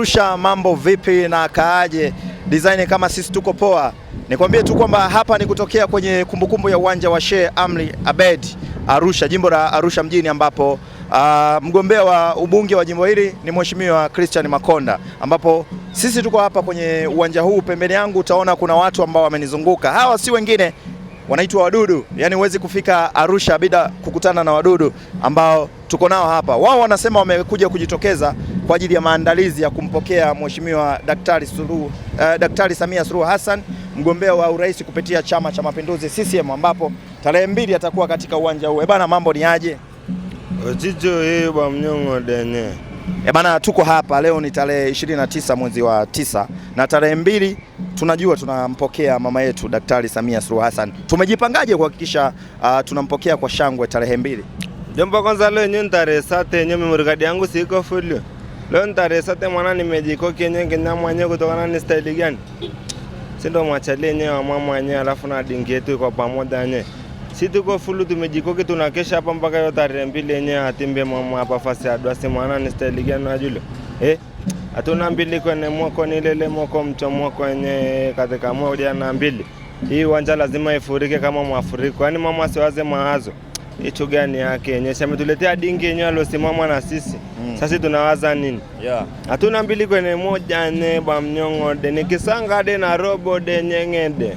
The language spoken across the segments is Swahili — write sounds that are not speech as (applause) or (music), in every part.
Arusha, mambo vipi na kaaje? Design kama sisi tuko poa. Nikwambie tu kwamba hapa ni kutokea kwenye kumbukumbu kumbu ya uwanja wa Sheikh Amri Abed Arusha, jimbo la Arusha mjini, ambapo uh, mgombea wa ubunge wa jimbo hili ni Mheshimiwa Christian Makonda, ambapo sisi tuko hapa kwenye uwanja huu. Pembeni yangu utaona kuna watu ambao wamenizunguka. Hawa si wengine wanaitwa wadudu, yaani huwezi kufika Arusha bila kukutana na wadudu ambao tuko nao hapa. Wao wanasema wamekuja kujitokeza kwa ajili ya maandalizi ya kumpokea Mheshimiwa Daktari Suluhu, uh, Daktari Samia Suluhu Hassan mgombea wa urais kupitia Chama cha Mapinduzi CCM, ambapo tarehe mbili atakuwa katika uwanja huu eh, Bana, mambo ni aje? Ojijo yeye ba mnyongo denye. E eh, bana, tuko hapa leo ni tarehe 29 mwezi wa tisa na tarehe mbili tunajua tunampokea mama yetu Daktari Samia Suluhu Hassan. Tumejipangaje kuhakikisha uh, tunampokea kwa shangwe tarehe mbili? Jambo kwanza leo yenyewe tarehe sita yenyewe memorikadi yangu siko fulio Leo nitaresate mwana nimejiko kenye kenya mwenyewe kutokana ni staili gani? Si ndo mwachali yenyewe wa mama wenyewe alafu na dingi yetu iko pamoja yenyewe. Si tuko fulu tumejiko tumejikoki tunakesha hapa mpaka hiyo tarehe mbili yenyewe atimbe mama hapa fasi adwasi mwana ni staili gani na jule. Eh? Hatuna mbili kwenye mwako ni ile ile mwoko mcho mwoko yenyewe katika moja na mbili. Hii uwanja lazima ifurike kama mwafuriko. Yaani mama siwaze mawazo. Hicho gani yake yenyewe? Ametuletea dingi yenyewe aliosimama na sisi. Sasa tunawaza nini? Yeah. Hatuna mbili kwenye moja ne bwa mnyong'ode nikisanga de na robo de nyeng'ede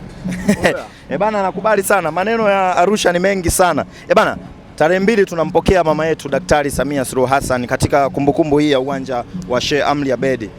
(laughs) E bana, nakubali sana maneno ya Arusha ni mengi sana e bana. Tarehe mbili tunampokea mama yetu Daktari Samia Suluhu Hassan katika kumbukumbu hii ya uwanja wa Sheikh Amri Abeid.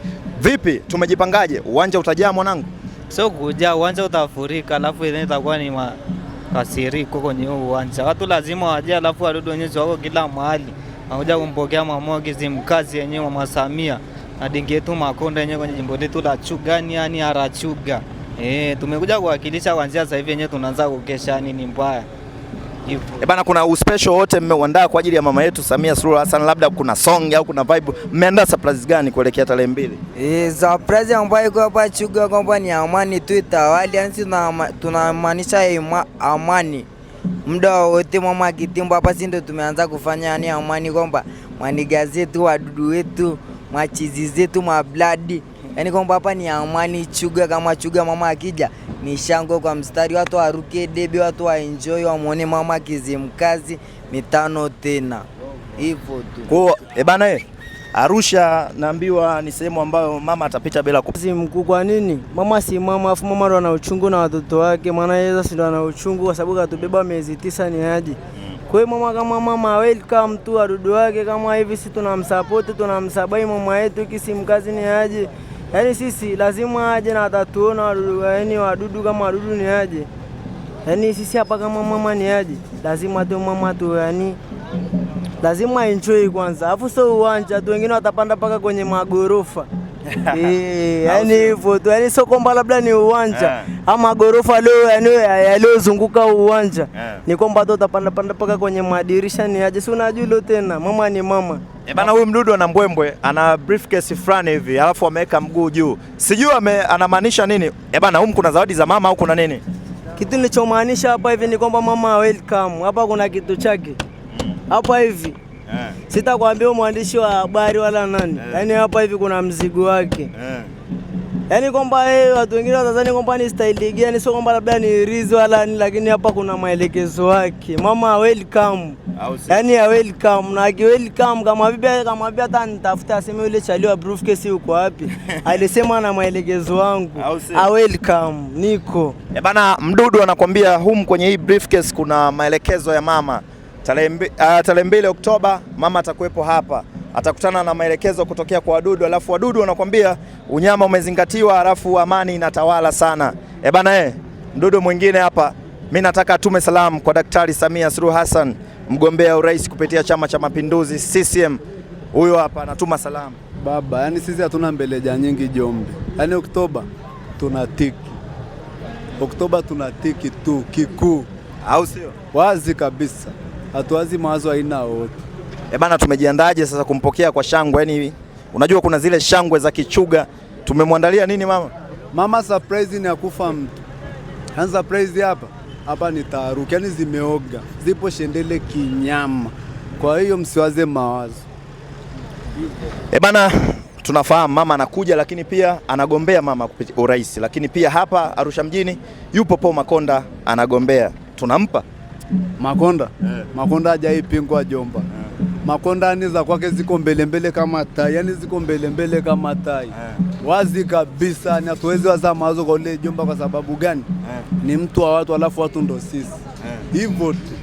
Vipi, tumejipangaje? Uwanja utajaa mwanangu? Sio kujaa, uwanja utafurika, alafu ile itakuwa ni makasiriko kwenye uwanja. Watu lazima waje, alafu wadudu wenyewe wako kila mahali nakuja kumpokea Mama mkazi yenyewe Mama Samia na dingi yetu Makonda yenyewe kwenye jimbo letu la Chugani, yani Arachuga. Eh, tumekuja kuwakilisha kuanzia sasa hivi yenyewe tunaanza kukesha ni mbaya. E bana, kuna uspesho wote mmeuandaa kwa ajili ya mama yetu Samia Suluhu Hassan, labda kuna song au kuna vibe, mmeandaa surprise gani kuelekea tarehe mbili? E, surprise ambayo iko hapa Chuga kwamba ni amani tu itawali, yani tunamaanisha ama, amani muda wote mama akitimbo hapa, si ndo tumeanza kufanya yani amwani kwamba mwaniga zetu wadudu wetu mwachizi zetu mwabladi, yani kwamba hapa ni amwani chuga. Kama chuga mama akija ni shango kwa mstari, watu waruke debe, watu enjoy, wamwone mama kizimkazi mitano tena, hivyo tu. Kwa ebana eh, eh. Arusha naambiwa ni sehemu ambayo mama atapita bila mkuu. Kwa nini mama si mama, afu mama ndo ana uchungu na watoto wake, maana yeye sasa ndo ana uchungu kwa sababu katubeba miezi tisa ni aje. Kwa hiyo mama kama mama welcome tu arudi wake kama hivi, si tunamsupport tunamsabai mama yetu kisi mkazi ni aje, yaani sisi lazima aje na atatuona yaani wadudu kama wadudu ni aje, yaani sisi hapa kama mama ni aje, lazima tu mama tu yaani lazima enjoy kwanza, alafu sio uwanja tu, wengine watapanda mpaka kwenye magorofa (laughs) eh, yani hivyo tu, yani sio kwamba labda ni uwanja yeah, ama gorofa leo yani yaliozunguka uwanja yeah, ni kwamba hata utapanda panda mpaka kwenye madirisha ni aje, si unajua leo tena, mama ni mama. E bana, huyu mdudu ana mbwembwe, ana briefcase fulani hivi, alafu ameweka mguu juu, sijui anamaanisha nini. E bana, huko kuna zawadi za mama au kuna nini? Kitu nilichomaanisha hapa hivi ni kwamba mama welcome hapa, kuna kitu chake hapa hivi yeah. Sitakwambia mwandishi wa habari wala nani yeah. Yani hapa hivi kuna mzigo wake yeah. Yani kwamba yeye watu wengine watazani kwamba ni style gani, sio kwamba labda ni rizo wala ni, lakini hapa kuna maelekezo yake. Mama welcome. Yaani ya welcome na ki welcome kama vipi kama vipi hata nitafuta aseme yule chaliwa briefcase yuko wapi? (laughs) Alisema na maelekezo wangu. A welcome niko. Eh, bana Mdudu anakuambia hum kwenye hii briefcase kuna maelekezo ya mama. Ah, tarehe mbili Oktoba mama atakuwepo hapa, atakutana na maelekezo kutokea kwa wadudu, alafu wadudu wanakwambia unyama umezingatiwa, alafu amani inatawala sana. E bana, eh, mdudu mwingine hapa. Mimi nataka atume salamu kwa Daktari Samia Suluhu Hassan, mgombea urais kupitia Chama cha Mapinduzi CCM. Huyo hapa anatuma salamu baba. Yani sisi hatuna mbeleja nyingi Jombe, yani Oktoba tunatiki, Oktoba tunatiki tu kikuu, au sio? Wazi kabisa hatuwazi mawazo aina wote. Eh bana, tumejiandaje sasa kumpokea kwa shangwe? Yani unajua kuna zile shangwe za kichuga. Tumemwandalia nini mama? Mama surprise ni akufa mtu. hana yaani surprise hapa hapa ni taharuki, yani zimeoga, zipo shendele kinyama. Kwa hiyo msiwaze mawazo. Eh bana, tunafahamu mama anakuja, lakini pia anagombea mama urais, lakini pia hapa Arusha mjini yupo Paul Makonda anagombea, tunampa Makonda yeah. Makonda pingwa Jomba yeah. Makonda ani za kwake ziko mbele mbele kama tai, yani ziko mbele mbele kama tai yeah. Wazi kabisa, ni atuwezi waza mawazo kwa ule Jomba. Kwa sababu gani? yeah. Ni mtu wa watu, alafu watu ndo sisi eh. hivyo yeah. tu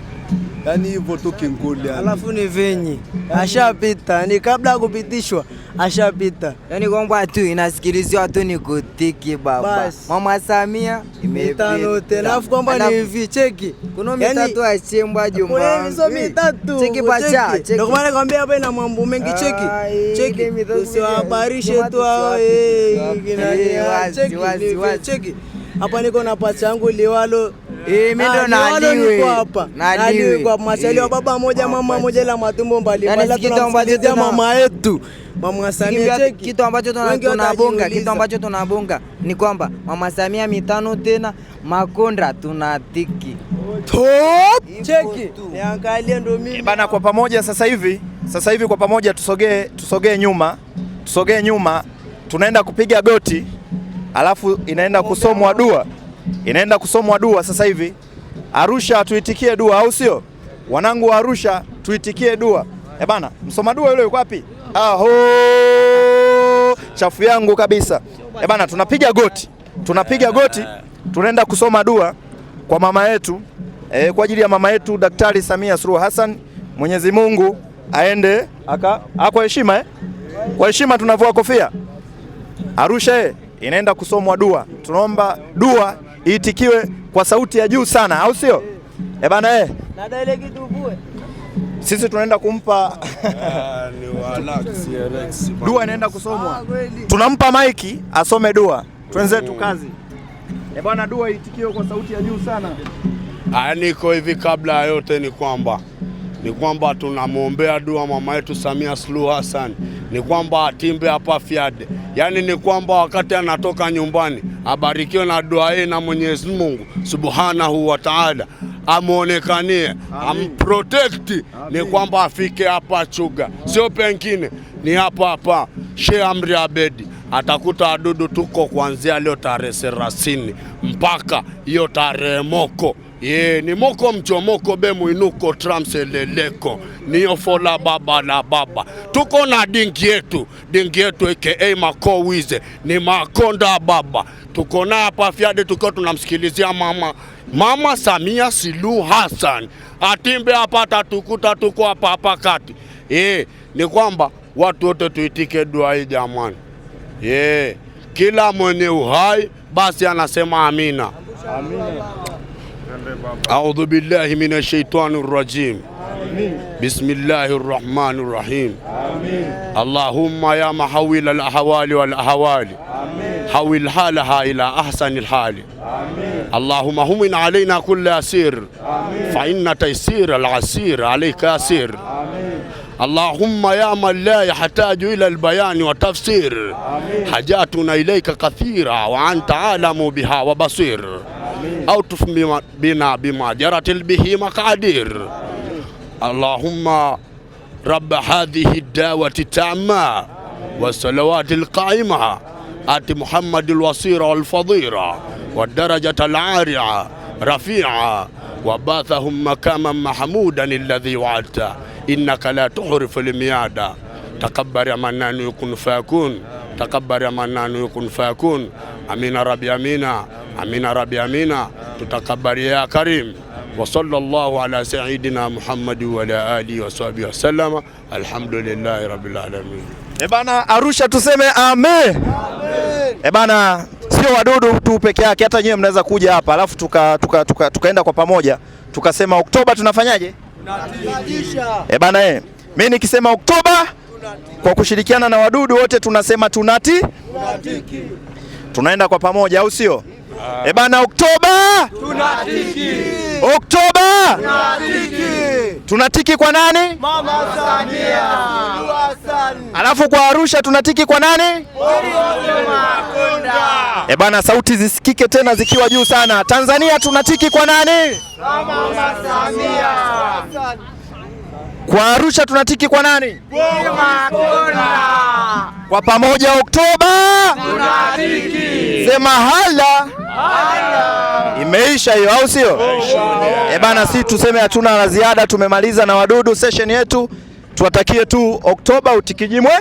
yani hivyo tu kinguli yani. Alafu ni venye ashapita ni kabla kupitishwa ashapita, yani kwamba tu inasikilizwa tu ni kutiki baba Bas. mama Samia mitano tena, alafu kwamba ni hivi cheki, kuna yaani mitatu achimbwa juma hizo mitatu cheki pacha cheki, ndio maana nakwambia hapa ina mambo mengi cheki cheki, usiwahabarishe tu hao eh, cheki hapa niko na pasi yangu liwalo eh, ah, kwa wa eh. baba moja ah, mama moja la matumbo mbalimbali, yaani tunamsikilizia mama yetu mama Samia. kitu ambacho tunabonga, kitu ambacho tunabonga ni kwamba mama Samia mitano tena Makonda tunatiki top. Cheki niangalie, ndo mimi eh, bana. Kwa pamoja sasa hivi, sasa hivi kwa pamoja, tusogee tusogee nyuma, tusogee nyuma, tunaenda kupiga goti alafu inaenda kusomwa dua, inaenda kusomwa dua sasa hivi. Arusha tuitikie dua, au sio? Wanangu wa Arusha tuitikie dua. Eh bana, msoma dua yule yuko wapi? Aho, chafu yangu kabisa. Eh bana, tunapiga goti, tunapiga goti, tunaenda kusoma dua kwa mama yetu e, kwa ajili ya mama yetu Daktari Samia Suluhu Hassan, Mwenyezi Mungu aende aka ah, kwa heshima eh? Kwa heshima tunavua kofia Arusha eh inaenda kusomwa dua. Tunaomba dua iitikiwe kwa sauti ya juu sana, au sio? Eh bana eh. Sisi tunaenda kumpa (laughs) dua inaenda kusomwa, ah, tunampa maiki asome dua. Twenzetu mm. kazi. Eh bana, dua iitikiwe kwa sauti ya juu sana. Ah, niko hivi, kabla ya yote ni kwamba ni kwamba tunamwombea dua mama yetu Samia Suluhu Hassan ni kwamba atimbe hapa fiade, yaani ni kwamba wakati anatoka nyumbani abarikiwe na dua hii na Mwenyezi Mungu Subhanahu wa Ta'ala, amwonekanie amprotekti, ni kwamba afike hapa Chuga, sio pengine, ni hapa hapa Sheikh Amri Abedi atakuta wadudu tuko kuanzia leo tarehe 30 mpaka hiyo tarehe moko ye ni moko mchomoko be mwinuko tramseleleko niyofola baba la baba tuko na dingi yetu dingi yetu aka mako wize ni makonda baba tuko na hapa fiade tuko tunamsikilizia mama Mama Samia Suluhu Hassan atimbe hapa tatukuta tuko hapa hapa kati ye, ni kwamba watu wote tuitike dua hii jamani. Ye, kila mwenye uhai basi anasema amina, amina. أعوذ بالله من الشيطان الرجيم بسم الله الرحمن الرحيم اللهم يا محول الأحوال والأحوال حول حالها إلى أحسن الحال اللهم هم علينا كل أسير فإن تيسير العسير عليك أسير اللهم يا من لا يحتاج إلى البيان وتفسير حاجاتنا إليك كثيرة وأنت عالم بها وبصير أو تفهم بنا بما جرت به مقادير اللهم رب هذه الدعوة التامة والصلوات القائمة آت محمد الوصيرة والفضيرة والدرجة العارعة رفيعة وباثهم مكاما محمودا الذي وعدته إنك لا تحرف الميادة تقبل يا منان يكون فاكون تقبل يا منان يكون فاكون أمين ربي أمينا Amina rabi amina, tutakabaria karim wa sallallahu ala sayidina Muhammadi wa ala alihi wa sahbihi wasalama, alhamdulillahi rabbil alamin. E bana, Arusha tuseme amen. E bana, sio wadudu tu peke yake, hata nyewe mnaweza kuja hapa alafu tukaenda tuka, tuka, tuka kwa pamoja tukasema Oktoba tunafanyaje? E bana, eh mimi nikisema Oktoba kwa kushirikiana na wadudu wote tunasema tunati tunaenda kwa pamoja, au sio? Uh, e bana, Oktoba tunatiki, Oktoba tunatiki, tunatiki kwa nani? Mama Samia. Alafu kwa Arusha tunatiki kwa nani? E bana, sauti zisikike tena zikiwa juu sana. Tanzania tunatiki kwa nani? Mama Samia. Kwa Arusha tunatiki kwa nani? Kwa pamoja Oktoba tunatiki. Sema hala Imeisha hiyo au sio? Oh, eh bana, si tuseme hatuna la ziada, tumemaliza na wadudu session yetu. Tuwatakie tu Oktoba utikijimwe.